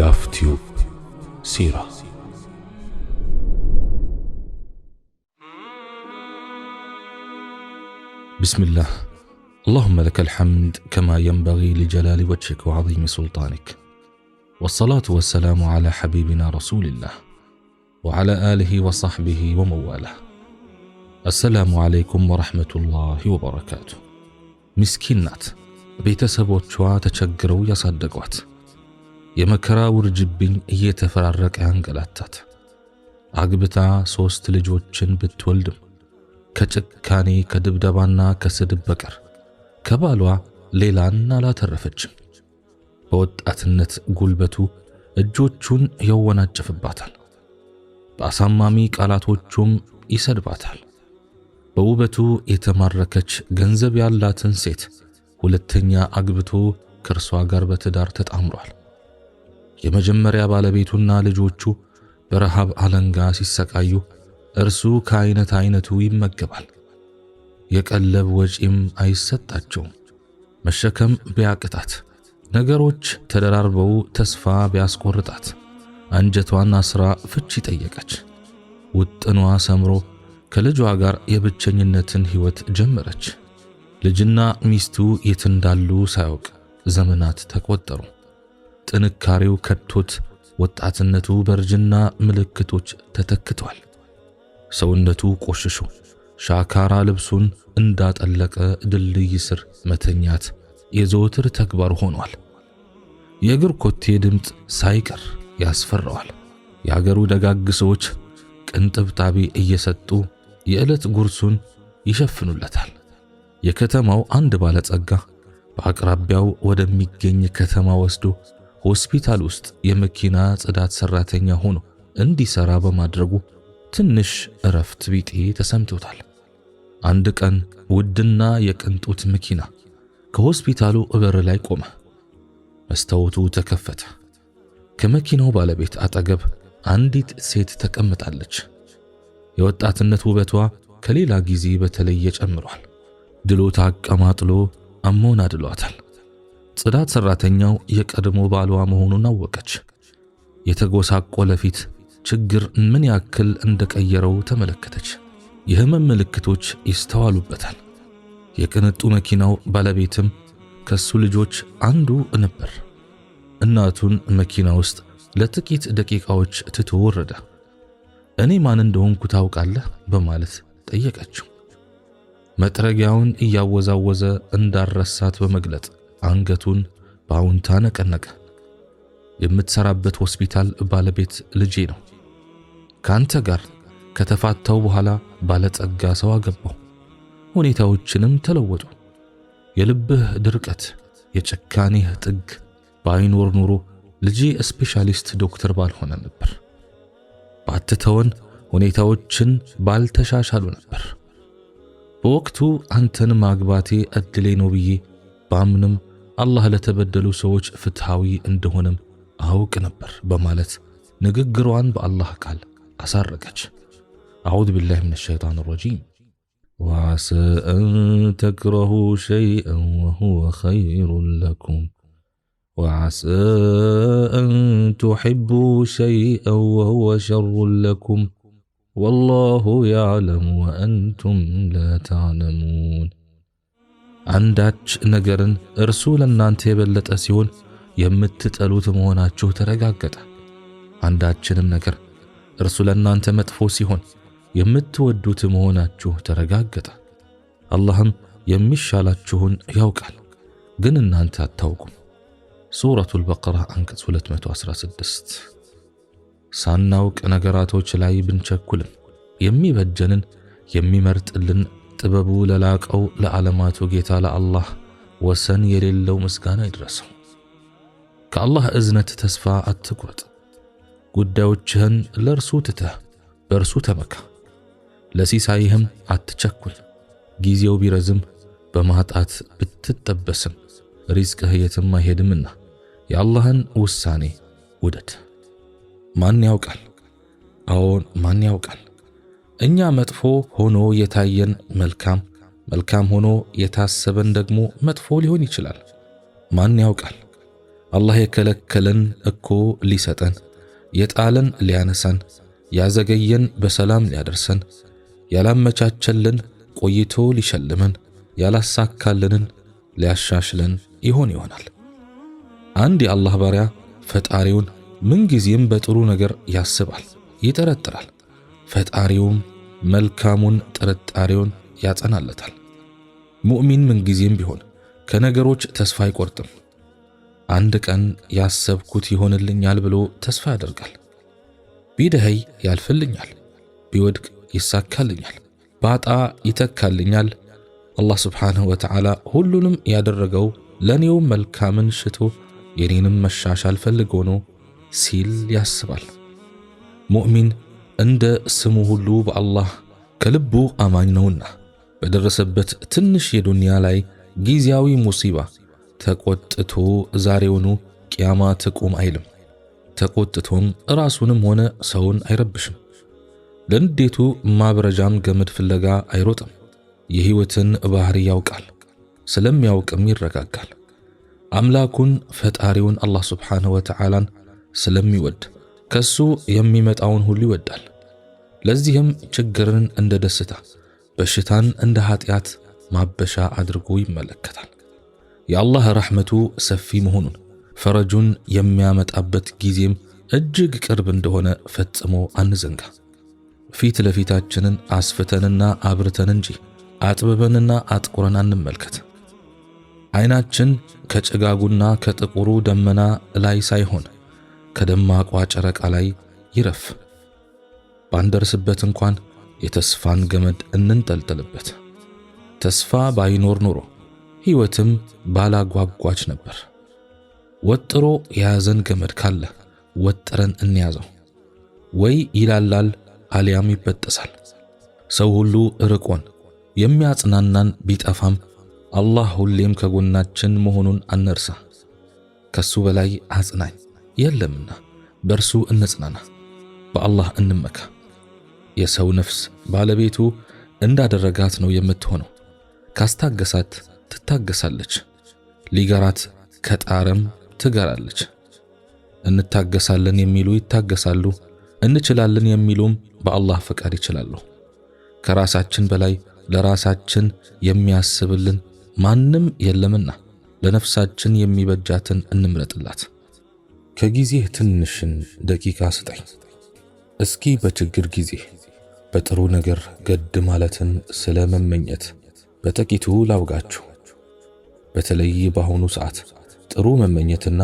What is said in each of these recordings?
داف سيرة بسم الله اللهم لك الحمد كما ينبغي لجلال وجهك وعظيم سلطانك والصلاة والسلام على حبيبنا رسول الله وعلى آله وصحبه ومن والاه السلام عليكم ورحمة الله وبركاته مسكينات ቤተሰቦቿ ተቸግረው ያሳደጓት የመከራ ውርጅብኝ እየተፈራረቀ አንገላታት። አግብታ ሦስት ልጆችን ብትወልድም ከጭካኔ ከድብደባና ከስድብ በቀር ከባሏ ሌላን አላተረፈችም። በወጣትነት ጉልበቱ እጆቹን ያወናጭፍባታል፣ በአሳማሚ ቃላቶቹም ይሰድባታል። በውበቱ የተማረከች ገንዘብ ያላትን ሴት ሁለተኛ አግብቶ ከእርሷ ጋር በትዳር ተጣምሯል። የመጀመሪያ ባለቤቱና ልጆቹ በረሃብ አለንጋ ሲሰቃዩ እርሱ ከአይነት አይነቱ ይመገባል። የቀለብ ወጪም አይሰጣቸውም። መሸከም ቢያቅታት፣ ነገሮች ተደራርበው ተስፋ ቢያስቆርጣት፣ አንጀቷን አስራ ፍቺ ጠየቀች። ውጥኗ ሰምሮ ከልጇ ጋር የብቸኝነትን ሕይወት ጀመረች። ልጅና ሚስቱ የት እንዳሉ ሳያውቅ ዘመናት ተቆጠሩ። ጥንካሬው ከቶት ወጣትነቱ በርጅና ምልክቶች ተተክቷል። ሰውነቱ ቆሽሾ ሻካራ ልብሱን እንዳጠለቀ ድልድይ ስር መተኛት የዘወትር ተግባር ሆኗል። የእግር ኮቴ ድምፅ ሳይቀር ያስፈራዋል። የአገሩ ደጋግ ሰዎች ቅንጥብጣቢ እየሰጡ የዕለት ጉርሱን ይሸፍኑለታል። የከተማው አንድ ባለጸጋ በአቅራቢያው ወደሚገኝ ከተማ ወስዶ ሆስፒታል ውስጥ የመኪና ጽዳት ሰራተኛ ሆኖ እንዲሰራ በማድረጉ ትንሽ እረፍት ቢጤ ተሰምቶታል። አንድ ቀን ውድና የቅንጦት መኪና ከሆስፒታሉ እበር ላይ ቆመ። መስታወቱ ተከፈተ። ከመኪናው ባለቤት አጠገብ አንዲት ሴት ተቀምጣለች። የወጣትነት ውበቷ ከሌላ ጊዜ በተለየ ጨምሯል። ድሎታ አቀማጥሎ አሞናድሏታል። ጽዳት ሰራተኛው የቀድሞ ባሏ መሆኑን አወቀች። የተጎሳቆለ ፊት ችግር ምን ያክል እንደቀየረው ተመለከተች። የህመም ምልክቶች ይስተዋሉበታል። የቅንጡ መኪናው ባለቤትም ከሱ ልጆች አንዱ ነበር። እናቱን መኪና ውስጥ ለጥቂት ደቂቃዎች ትቶ ወረደ። እኔ ማን እንደሆንኩ ታውቃለህ? በማለት ጠየቀችው። መጥረጊያውን እያወዛወዘ እንዳረሳት በመግለጥ አንገቱን በአውንታ ነቀነቀ። የምትሰራበት ሆስፒታል ባለቤት ልጄ ነው። ካንተ ጋር ከተፋታው በኋላ ባለጸጋ ሰው አገባው። ሁኔታዎችንም ተለወጡ። የልብህ ድርቀት፣ የጭካኔህ ጥግ ባይኖር ኑሮ ልጄ ስፔሻሊስት ዶክተር ባልሆነ ነበር። ባትተወን ሁኔታዎችን ባልተሻሻሉ ነበር። በወቅቱ አንተን ማግባቴ እድሌ ነው ብዬ ባምንም አላህ ለተበደሉ ሰዎች ፍትሐዊ እንደሆነም አውቅ ነበር በማለት ንግግሯን በአላህ ቃል አሳረቀች። አዑዝ ቢላህ ምን ሸይጣን ረጂም ወዓሳ አን ተክረሁ ሸይአን ወሁወ ኸይሩን ለኩም ወዓሳ አን ቱሕቡ ሸይአን ወሁወ ሸሩን ለኩም ወላሁ ያዕለሙ ወአንቱም ላ ተዕለሙን አንዳች ነገርን እርሱ ለእናንተ የበለጠ ሲሆን የምትጠሉት መሆናችሁ ተረጋገጠ። አንዳችንም ነገር እርሱ ለእናንተ መጥፎ ሲሆን የምትወዱት መሆናችሁ ተረጋገጠ። አላህም የሚሻላችሁን ያውቃል፣ ግን እናንተ አታውቁም። ሱረቱል በቀራ አንቀጽ 216 ሳናውቅ ነገራቶች ላይ ብንቸኩልም የሚበጀንን የሚመርጥልን ጥበቡ ለላቀው ለዓለማቱ ጌታ ለአላህ ወሰን የሌለው ምስጋና ይድረሰው። ከአላህ እዝነት ተስፋ አትቁረጥ። ጉዳዮችህን ለእርሱ ትተህ በእርሱ ተመካ። ለሲሳይህም አትቸኩል። ጊዜው ቢረዝም በማጣት ብትጠበስም ሪዝቅህ የትም አይሄድምና የአላህን ውሳኔ ውደድ። ማን ያውቃል? አዎን ማን ያውቃል? እኛ መጥፎ ሆኖ የታየን መልካም፣ መልካም ሆኖ የታሰበን ደግሞ መጥፎ ሊሆን ይችላል። ማን ያውቃል? አላህ የከለከለን እኮ ሊሰጠን፣ የጣለን ሊያነሳን፣ ያዘገየን በሰላም ሊያደርሰን፣ ያላመቻቸልን ቆይቶ ሊሸልመን፣ ያላሳካልንን ሊያሻሽለን ይሆን ይሆናል። አንድ የአላህ ባሪያ ፈጣሪውን ምንጊዜም በጥሩ ነገር ያስባል፣ ይጠረጥራል ፈጣሪውም መልካሙን ጥርጣሬውን ያጸናለታል። ሙእሚን ምንጊዜም ቢሆን ከነገሮች ተስፋ አይቆርጥም። አንድ ቀን ያሰብኩት ይሆንልኛል ብሎ ተስፋ ያደርጋል። ቢደኸይ ያልፍልኛል፣ ቢወድቅ ይሳካልኛል፣ ባጣ ይተካልኛል። አላህ ስብሓንሁ ወተዓላ ሁሉንም ያደረገው ለእኔው መልካምን ሽቶ የኔንም መሻሻል ፈልጎ ነው ሲል ያስባል ሙእሚን እንደ ስሙ ሁሉ በአላህ ከልቡ አማኝ ነውና በደረሰበት ትንሽ የዱንያ ላይ ጊዜያዊ ሙሲባ ተቆጥቶ ዛሬውኑ ቅያማ ትቁም አይልም። ተቆጥቶም ራሱንም ሆነ ሰውን አይረብሽም። ለንዴቱ ማብረጃም ገመድ ፍለጋ አይሮጥም። የሕይወትን ባህሪ ያውቃል። ስለሚያውቅም ይረጋጋል። አምላኩን ፈጣሪውን አላህ ስብሓንሁ ወተዓላን ስለሚወድ ከሱ የሚመጣውን ሁሉ ይወዳል። ለዚህም ችግርን እንደ ደስታ፣ በሽታን እንደ ኃጢአት ማበሻ አድርጎ ይመለከታል። የአላህ ረሕመቱ ሰፊ መሆኑን ፈረጁን የሚያመጣበት ጊዜም እጅግ ቅርብ እንደሆነ ፈጽሞ አንዘንጋ። ፊት ለፊታችንን አስፍተንና አብርተን እንጂ አጥብበንና አጥቁረን አንመልከት። ዐይናችን ከጭጋጉና ከጥቁሩ ደመና ላይ ሳይሆን ከደማቋ ጨረቃ ላይ ይረፍ። ባንደርስበት እንኳን የተስፋን ገመድ እንንጠልጥልበት። ተስፋ ባይኖር ኖሮ ሕይወትም ባላጓጓች ነበር። ወጥሮ የያዘን ገመድ ካለ ወጥረን እንያዘው። ወይ ይላላል አሊያም ይበጠሳል። ሰው ሁሉ ርቆን የሚያጽናናን ቢጠፋም አላህ ሁሌም ከጎናችን መሆኑን አንርሳ። ከሱ በላይ አጽናኝ የለምና በርሱ እንጽናና፣ በአላህ እንመካ። የሰው ነፍስ ባለቤቱ እንዳደረጋት ነው የምትሆነው። ካስታገሳት ትታገሳለች፣ ሊገራት ከጣረም ትገራለች። እንታገሳለን የሚሉ ይታገሳሉ፣ እንችላለን የሚሉም በአላህ ፈቃድ ይችላሉ። ከራሳችን በላይ ለራሳችን የሚያስብልን ማንም የለምና ለነፍሳችን የሚበጃትን እንምረጥላት። ከጊዜህ ትንሽን ደቂቃ ስጠኝ። እስኪ በችግር ጊዜ በጥሩ ነገር ገድ ማለትን ስለ መመኘት በጥቂቱ ላውጋችሁ። በተለይ በአሁኑ ሰዓት ጥሩ መመኘትና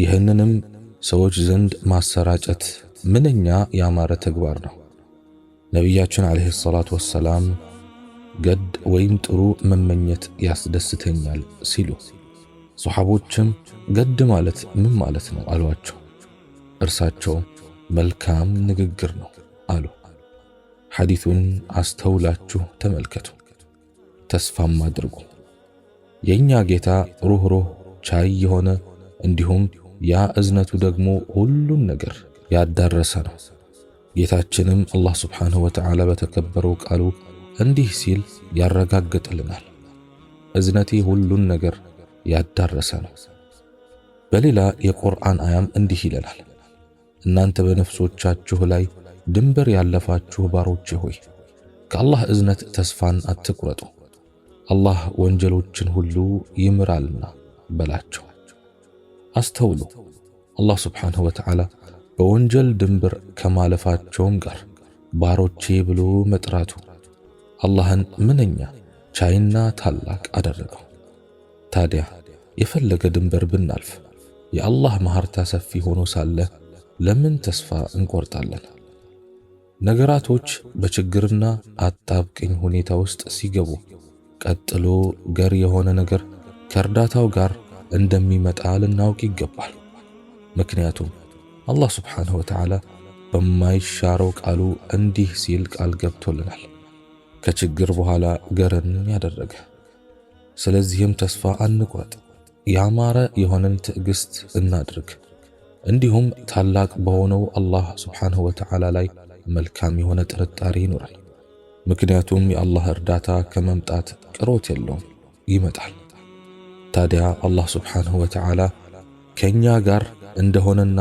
ይህንንም ሰዎች ዘንድ ማሰራጨት ምንኛ ያማረ ተግባር ነው። ነቢያችን ዓለይሂ ሰላቱ ወሰላም ገድ ወይም ጥሩ መመኘት ያስደስተኛል ሲሉ፣ ሰሓቦችም ገድ ማለት ምን ማለት ነው አሏቸው። እርሳቸው መልካም ንግግር ነው አሉ። ሐዲቱን አስተውላችሁ ተመልከቱ፣ ተስፋም አድርጉ። የእኛ ጌታ ሩህሩህ ቻይ የሆነ እንዲሁም ያ እዝነቱ ደግሞ ሁሉን ነገር ያዳረሰ ነው። ጌታችንም አላህ ስብሓንሁ ወተዓላ በተከበረው ቃሉ እንዲህ ሲል ያረጋግጥልናል፣ እዝነቴ ሁሉን ነገር ያዳረሰ ነው። በሌላ የቁርአን አያም እንዲህ ይለናል እናንተ በነፍሶቻችሁ ላይ ድንበር ያለፋችሁ ባሮቼ ሆይ ከአላህ እዝነት ተስፋን አትቁረጡ፣ አላህ ወንጀሎችን ሁሉ ይምራልና በላቸው። አስተውሉ፣ አላህ ስብሓንሁ ወተዓላ በወንጀል ድንበር ከማለፋቸውም ጋር ባሮቼ ብሎ መጥራቱ አላህን ምንኛ ቻይና ታላቅ አደረገው። ታዲያ የፈለገ ድንበር ብናልፍ የአላህ መሐርታ ሰፊ ሆኖ ሳለ ለምን ተስፋ እንቆርጣለን? ነገራቶች በችግርና አጣብቅኝ ሁኔታ ውስጥ ሲገቡ ቀጥሎ ገር የሆነ ነገር ከእርዳታው ጋር እንደሚመጣ ልናውቅ ይገባል። ምክንያቱም አላህ ስብሓንሁ ወተዓላ በማይሻረው ቃሉ እንዲህ ሲል ቃል ገብቶልናል፣ ከችግር በኋላ ገርን ያደረገ። ስለዚህም ተስፋ አንቁረጥ፣ ያማረ የሆነን ትዕግስት እናድርግ። እንዲሁም ታላቅ በሆነው አላህ ሱብሓነሁ ወተዓላ ላይ መልካም የሆነ ጥርጣሬ ይኖራል። ምክንያቱም የአላህ እርዳታ ከመምጣት ቅሮት የለውም፣ ይመጣል። ታዲያ አላህ ሱብሓነሁ ወተዓላ ከእኛ ጋር እንደሆነና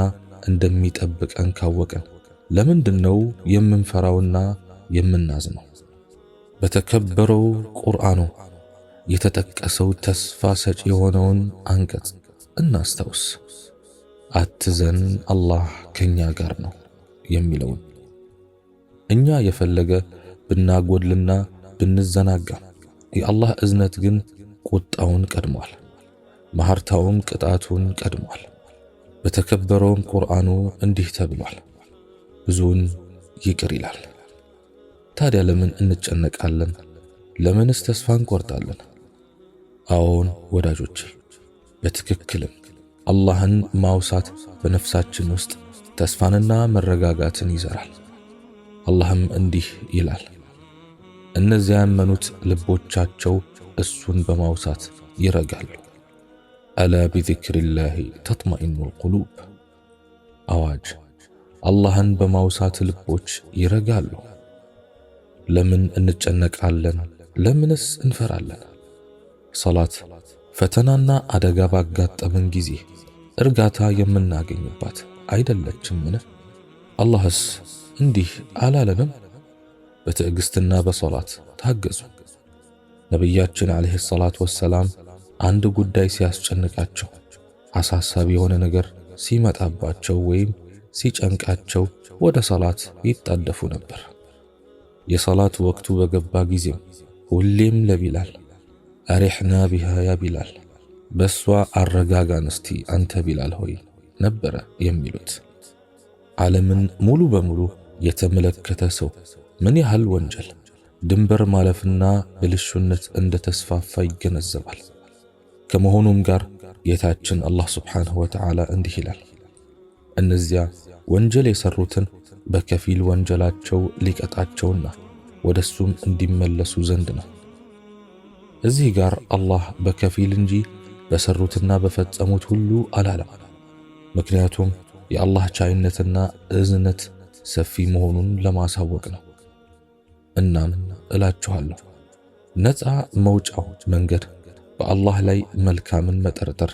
እንደሚጠብቀን ካወቀን ለምንድነው የምንፈራውና የምናዝነው? በተከበረው ቁርአኑ የተጠቀሰው ተስፋ ሰጪ የሆነውን አንቀጽ እናስታውስ። አትዘን አላህ ከኛ ጋር ነው የሚለውን እኛ የፈለገ ብናጎድልና ብንዘናጋ የአላህ እዝነት ግን ቁጣውን ቀድሟል፣ መሐርታውም ቅጣቱን ቀድሟል። በተከበረውም ቁርአኑ እንዲህ ተብሏል፣ ብዙውን ይቅር ይላል። ታዲያ ለምን እንጨነቃለን? ለምንስ ተስፋ እንቆርጣለን? አዎን ወዳጆቼ በትክክልም አላህን ማውሳት በነፍሳችን ውስጥ ተስፋንና መረጋጋትን ይዘራል። አላህም እንዲህ ይላል፣ እነዚያ ያመኑት ልቦቻቸው እሱን በማውሳት ይረጋሉ። አለ ቢዚክሪላሂ ተጥመኢኑል ቁሉብ። አዋጅ፣ አላህን በማውሳት ልቦች ይረጋሉ። ለምን እንጨነቃለን? ለምንስ እንፈራለን? ሰላት ፈተናና አደጋ ባጋጠመን ጊዜ እርጋታ የምናገኝባት አይደለችምን? አላህስ እንዲህ አላለንም? በትዕግስትና በሶላት ታገዙ። ነቢያችን ዓለይሂ ሰላቱ ወሰላም አንድ ጉዳይ ሲያስጨንቃቸው፣ አሳሳቢ የሆነ ነገር ሲመጣባቸው ወይም ሲጨንቃቸው ወደ ሰላት ይጣደፉ ነበር። የሰላት ወቅቱ በገባ ጊዜም ሁሌም ለቢላል አሪሕና ቢሃ ያ ቢላል፣ በእሷ አረጋጋን እስቲ አንተ ቢላል ሆይ ነበረ የሚሉት። ዓለምን ሙሉ በሙሉ የተመለከተ ሰው ምን ያህል ወንጀል፣ ድንበር ማለፍና ብልሹነት እንደ ተስፋፋ ይገነዘባል። ከመሆኑም ጋር ጌታችን አላህ ስብሓንሁ ወተዓላ እንዲህ ይላል፣ እነዚያ ወንጀል የሠሩትን በከፊል ወንጀላቸው ሊቀጣቸውና ወደሱም እንዲመለሱ ዘንድ ነው። እዚህ ጋር አላህ በከፊል እንጂ በሰሩትና በፈጸሙት ሁሉ አላለም። ምክንያቱም የአላህ ቻይነትና እዝነት ሰፊ መሆኑን ለማሳወቅ ነው። እናም እላችኋለሁ ነፃ መውጫው መንገድ በአላህ ላይ መልካምን መጠርጠር፣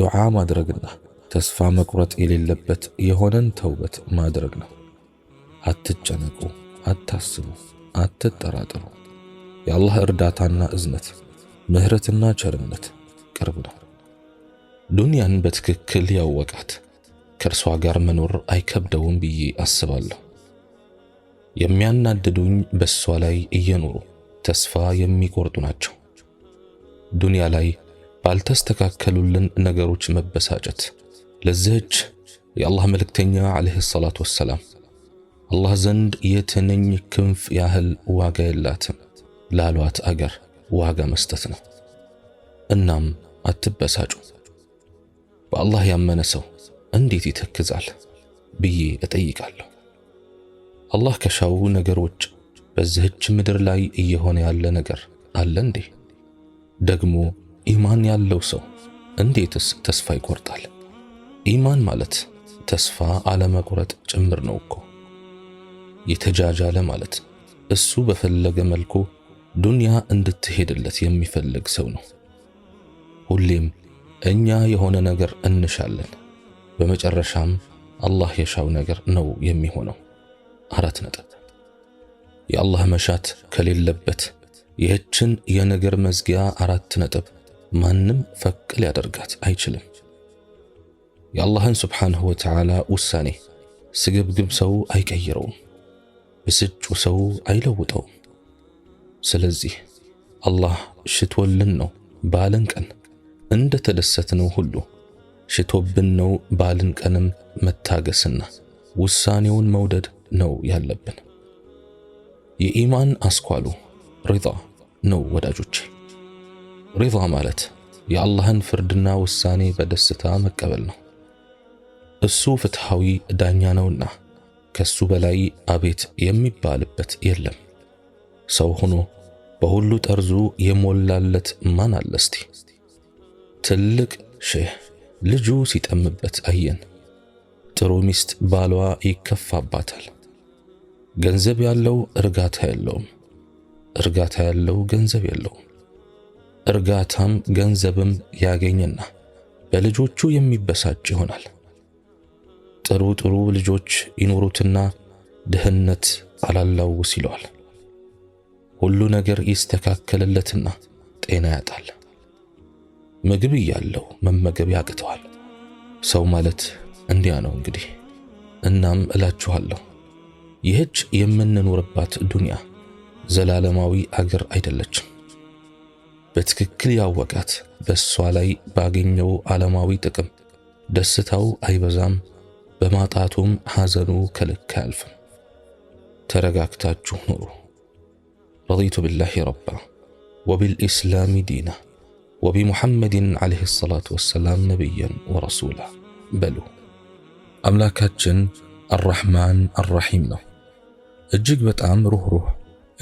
ዱዓ ማድረግና ተስፋ መቁረጥ የሌለበት የሆነን ተውበት ማድረግ ነው። አትጨነቁ፣ አታስቡ፣ አትጠራጥሩ የአላህ እርዳታና እዝነት፣ ምህረትና ቸርነት ቅርብ ነው። ዱንያን በትክክል ያወቃት ከእርሷ ጋር መኖር አይከብደውም ብዬ አስባለሁ። የሚያናድዱኝ በእሷ ላይ እየኖሩ ተስፋ የሚቆርጡ ናቸው። ዱንያ ላይ ባልተስተካከሉልን ነገሮች መበሳጨት ለዚህች የአላህ መልእክተኛ ዓለይሂ ሰላቱ ወሰላም አላህ ዘንድ የትንኝ ክንፍ ያህል ዋጋ የላትም። ላሏት አገር ዋጋ መስጠት ነው። እናም አትበሳጩ። በአላህ ያመነ ሰው እንዴት ይተክዛል ብዬ እጠይቃለሁ። አላህ ከሻው ነገር ውጭ በዚህች ምድር ላይ እየሆነ ያለ ነገር አለ እንዴ? ደግሞ ኢማን ያለው ሰው እንዴትስ ተስፋ ይቆርጣል? ኢማን ማለት ተስፋ አለመቁረጥ ጭምር ነው እኮ። የተጃጃለ ማለት እሱ በፈለገ መልኩ ዱንያ እንድትሄድለት የሚፈልግ ሰው ነው። ሁሌም እኛ የሆነ ነገር እንሻለን፣ በመጨረሻም አላህ የሻው ነገር ነው የሚሆነው። አራት ነጥብ። የአላህ መሻት ከሌለበት ይህችን የነገር መዝጊያ አራት ነጥብ ማንም ፈቅ ሊያደርጋት አይችልም። የአላህን ስብሓንሁ ወተዓላ ውሳኔ ስግብግብ ሰው አይቀይረውም፣ ብስጩ ሰው አይለውጠውም። ስለዚህ አላህ ሽቶልን ነው ባልን ቀን እንደ ተደሰትነው ሁሉ ሽቶብን ነው ባልን ቀንም መታገስና ውሳኔውን መውደድ ነው ያለብን። የኢማን አስኳሉ ሪዳ ነው ወዳጆች። ሪዳ ማለት የአላህን ፍርድና ውሳኔ በደስታ መቀበል ነው። እሱ ፍትሃዊ ዳኛ ነውና ከሱ በላይ አቤት የሚባልበት የለም። ሰው ሆኖ በሁሉ ጠርዙ የሞላለት ማን አለ እስቲ? ትልቅ ሼህ ልጁ ሲጠምበት አየን። ጥሩ ሚስት ባሏ ይከፋባታል። ገንዘብ ያለው እርጋታ የለውም፣ እርጋታ ያለው ገንዘብ የለውም። እርጋታም ገንዘብም ያገኝና በልጆቹ የሚበሳጭ ይሆናል። ጥሩ ጥሩ ልጆች ይኖሩትና ድህነት አላላውስ ይለዋል። ሁሉ ነገር ይስተካከልለትና ጤና ያጣል። ምግብ እያለው መመገብ ያቅተዋል። ሰው ማለት እንዲያ ነው እንግዲህ። እናም እላችኋለሁ ይህች የምንኖርባት ዱንያ ዘላለማዊ አገር አይደለችም። በትክክል ያወቃት በእሷ ላይ ባገኘው ዓለማዊ ጥቅም ደስታው አይበዛም፣ በማጣቱም ሐዘኑ ከልክ አያልፍም። ተረጋግታችሁ ኑሩ። رضيت بالله ربا وبالاسلام دينا وبمحمد عليه الصلاه والسلام نبيا ورسولا بل املاك جن الرحمن الرحيم نو اجيك روح روح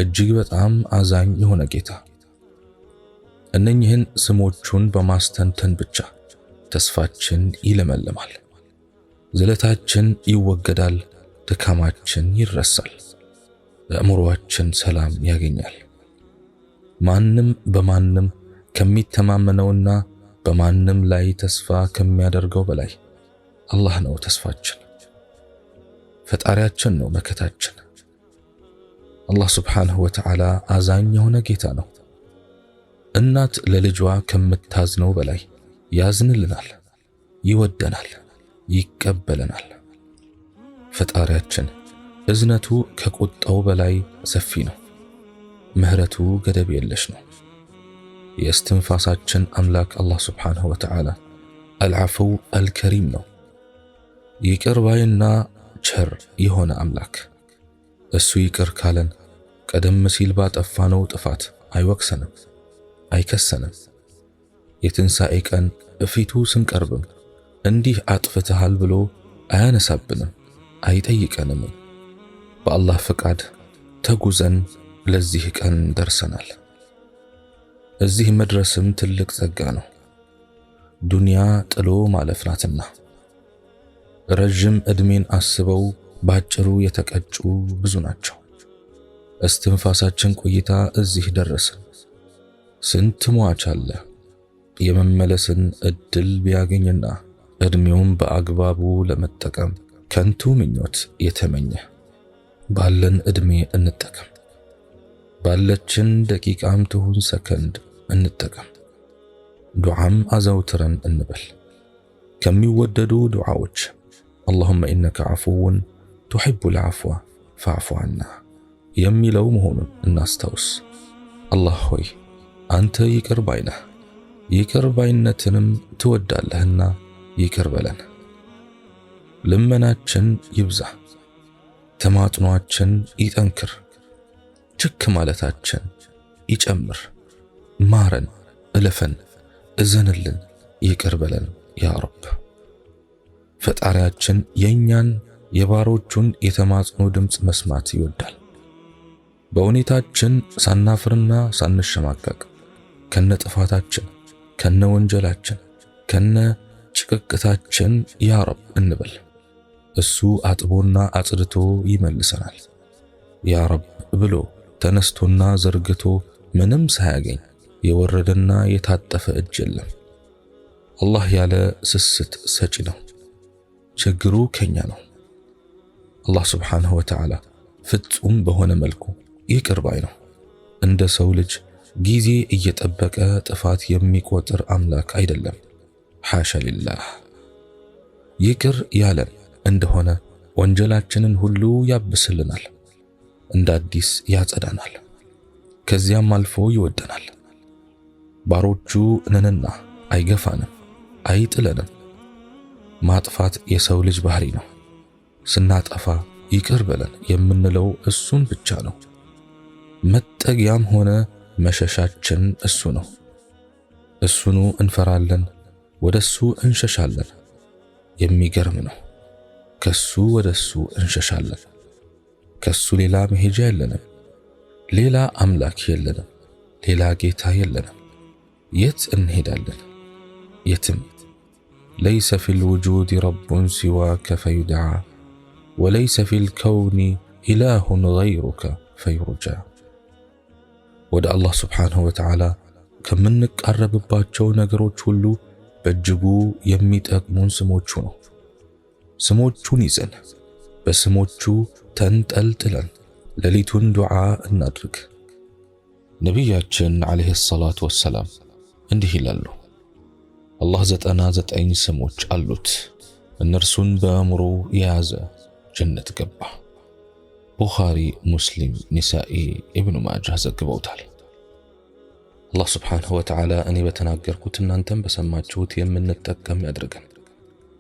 اجيك بتعم ازاين يهونا جيتا انينهن سموتشون بماستن تنبتشا تسفاتشن يلمل مال زلتاتشن يوجدال تكاماتشن يرسل ለአእምሮአችን ሰላም ያገኛል። ማንም በማንም ከሚተማመነውና በማንም ላይ ተስፋ ከሚያደርገው በላይ አላህ ነው ተስፋችን፣ ፈጣሪያችን ነው መከታችን። አላህ ሱብሓነሁ ወተዓላ አዛኝ የሆነ ጌታ ነው። እናት ለልጇ ከምታዝነው በላይ ያዝንልናል፣ ይወደናል፣ ይቀበለናል። ፈጣሪያችን እዝነቱ ከቁጣው በላይ ሰፊ ነው። ምህረቱ ገደብ የለሽ ነው። የእስትንፋሳችን አምላክ አላህ ሱብሓነሁ ወተዓላ አልዓፈው አልከሪም ነው። ይቅር ባይና ቸር የሆነ አምላክ። እሱ ይቅር ካለን ቀደም ሲል ባጠፋነው ጥፋት አይወቅሰንም፣ አይከሰንም። የትንሣኤ ቀን እፊቱ ስንቀርብም እንዲህ አጥፍተሃል ብሎ አያነሳብንም፣ አይጠይቀንም። በአላህ ፍቃድ ተጉዘን ለዚህ ቀን ደርሰናል። እዚህ መድረስም ትልቅ ጸጋ ነው። ዱንያ ጥሎ ማለፍ ናትና ረዥም ዕድሜን አስበው ባጭሩ የተቀጩ ብዙ ናቸው። እስትንፋሳችን ቆይታ እዚህ ደረስን። ስንት ሟች አለ የመመለስን እድል ቢያገኝና ዕድሜውን በአግባቡ ለመጠቀም ከንቱ ምኞት የተመኘ ባለን እድሜ እንጠቀም፣ ባለችን ደቂቃም ትሁን ሰከንድ እንጠቀም። ዱዓም አዘውትረን እንበል። ከሚወደዱ ዱዓዎች አላሁመ ኢነከ ዐፉውን ቱሒቡል ዐፍወ ፈዕፉ ዐና የሚለው መሆኑን እናስታውስ። አላህ ሆይ አንተ ይቅር ባይ ነህ፣ ይቅር ባይነትንም ትወዳለህና ይቅር በለን። ልመናችን ይብዛ። ተማጥኗችን ይጠንክር፣ ችክ ማለታችን ይጨምር። ማረን፣ እለፈን፣ እዘንልን፣ ይቅር በለን ያ ረብ። ፈጣሪያችን የእኛን የባሮቹን የተማጽኖ ድምፅ መስማት ይወዳል። በሁኔታችን ሳናፍርና ሳንሸማቀቅ ከነ ጥፋታችን ከነ ወንጀላችን ከነ ጭቅቅታችን ያ ረብ እንበል። እሱ አጥቦና አጽድቶ ይመልሰናል። ያ ረብ ብሎ ተነስቶና ዘርግቶ ምንም ሳያገኝ የወረደና የታጠፈ እጅ የለም። አላህ ያለ ስስት ሰጪ ነው። ችግሩ ከኛ ነው። አላህ ሱብሓነሁ ወተዓላ ፍጹም በሆነ መልኩ ይቅር ባይ ነው። እንደ ሰው ልጅ ጊዜ እየጠበቀ ጥፋት የሚቆጥር አምላክ አይደለም። ሓሸ ሊላህ ይቅር ያለን እንደሆነ ወንጀላችንን ሁሉ ያብስልናል፣ እንደ አዲስ ያጸዳናል፣ ከዚያም አልፎ ይወደናል። ባሮቹ ነንና አይገፋንም፣ አይጥለንም። ማጥፋት የሰው ልጅ ባህሪ ነው። ስናጠፋ ይቅር በለን የምንለው እሱን ብቻ ነው። መጠጊያም ሆነ መሸሻችን እሱ ነው። እሱኑ እንፈራለን፣ ወደሱ እንሸሻለን። የሚገርም ነው። ከሱ ወደሱ እንሸሻለን። ከሱ ሌላ መሄጃ የለንም። ሌላ አምላክ የለንም። ሌላ ጌታ የለንም። የት እንሄዳለን? የትም። ليس في الوجود رب سواك فيدعى وليس في الكون إله غيرك فيرجى ወደ አላህ ስብሓንሁ ወተዓላ ከምንቀረብባቸው ነገሮች ሁሉ በእጅጉ የሚጠቅሙን ስሞቹ ነው። ስሞቹን ይዘን በስሞቹ ተንጠልጥለን ሌሊቱን ዱዓ እናድርግ። ነቢያችን ዓለይሂ ሰላቱ ወሰላም እንዲህ ይላሉ፣ አላህ ዘጠና ዘጠኝ ስሞች አሉት፣ እነርሱን በአእምሮ የያዘ ጀነት ገባ። ቡኻሪ፣ ሙስሊም፣ ኒሳኢ፣ ኢብኑ ማጃህ ዘግበውታል። አላህ ስብሓንሁ ወተዓላ እኔ በተናገርኩት እናንተም በሰማችሁት የምንጠቀም ያድርገን።